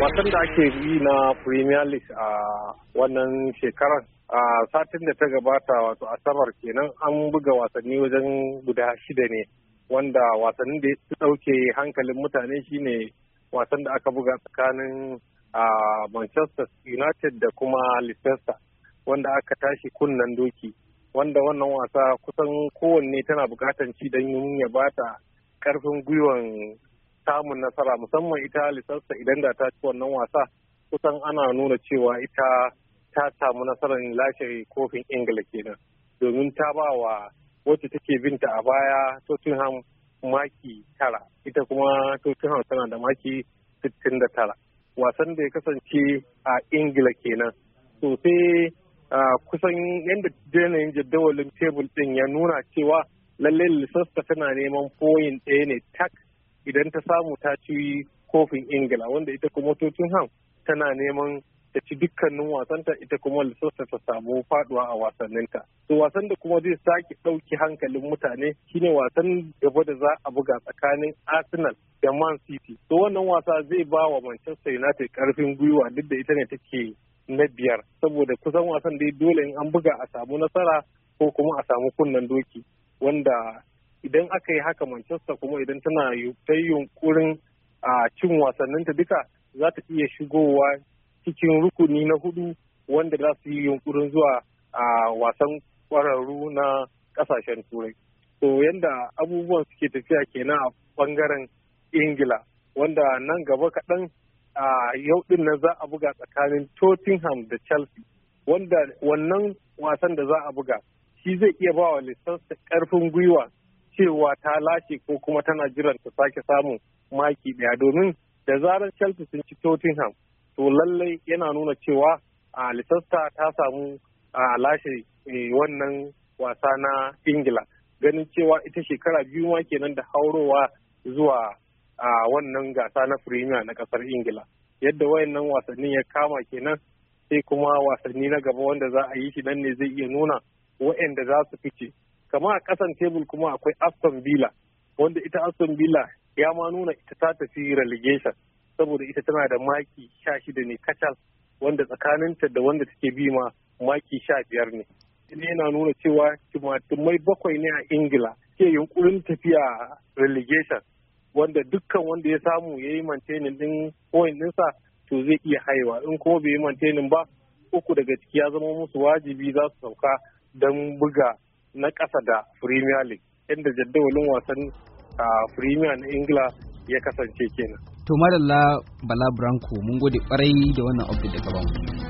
wasan da ake yi na premier league a wannan shekarar a satin da ta gabata wato asabar kenan an buga wasanni wajen guda shida ne wanda wasannin da ya dauke hankalin mutane shine wasan da aka buga tsakanin a manchester united da kuma leicester wanda aka tashi kunnen doki wanda wannan wasa kusan kowanne tana bukatan ci don ya bata karfin gwiwan samun nasara musamman ita lisasta idan da ta ci wannan wasa kusan ana nuna cewa ita ta samu nasarar lashe kofin ingila kenan domin ta ba wa wacce take binta a baya tottenham maki tara ita kuma tottenham tana da maki sittin da tara wasan da ya kasance a ingila kenan sosai kusan yadda yanayin jadawalin tebul din ya nuna cewa lallai lissasta tana neman foyin ɗaya ne tak idan ta samu ta ci kofin ingila wanda ita kuma tottenham tana neman ta ci dukkanin wasanta ita kuma Leicester ta samu faduwa a wasanninta. To wasan da kuma zai sake ɗauki hankalin mutane shine wasan gaba da za a buga tsakanin Arsenal da Man City. To wannan wasa zai ba wa Manchester United karfin gwiwa duk da ita ne take na biyar saboda kusan wasan dai dole in an buga a samu nasara ko kuma a samu kunnen doki wanda idan aka yi haka manchester kuma idan tana ta yunkurin a cin wasanninta duka za ta iya shigowa cikin rukuni na hudu wanda za su yi yunkurin zuwa a wasan kwararru na kasashen turai to yadda abubuwan suke tafiya kenan a bangaren ingila wanda nan gaba kaɗan a yau din nan za a buga tsakanin tottenham da chelsea wanda wannan wasan da za a buga shi zai iya ba wa lissansa ƙarfin gwiwa cewa ta lashe ko kuma tana jiran ta sake samun maki daya domin da zarar Chelsea sun ci Tottenham to lallai yana nuna cewa a Leicester ta samu a lashe e, wannan wasa na Ingila ganin cewa ita shekara biyu ma kenan da haurowa zuwa a wannan gasa na Premier na kasar Ingila yadda wayannan wasannin ya kama kenan sai kuma wasanni na gaba wanda za a yi shi nan ne zai iya nuna waɗanda za su fice kama a kasan tebul kuma akwai aston villa wanda ita aston villa ya ma nuna ita ta tafi relegation saboda ita tana da maki sha shida ne kacal wanda tsakaninta da wanda take bi ma maki sha biyar ne ina yana nuna cewa mai bakwai ne a ingila ke yunkurin tafiya relegation wanda dukkan wanda ya samu ya yi mantenin din point dinsa to zai iya haiwa in kuma bai yi mantenin ba uku daga ciki ya zama musu wajibi za su sauka don buga na ƙasa da Premier League inda jadawalin wasan a Premier na Ingila ya kasance kenan. To Madalla Bala Branko mun gode kwarai da wannan update daga bamu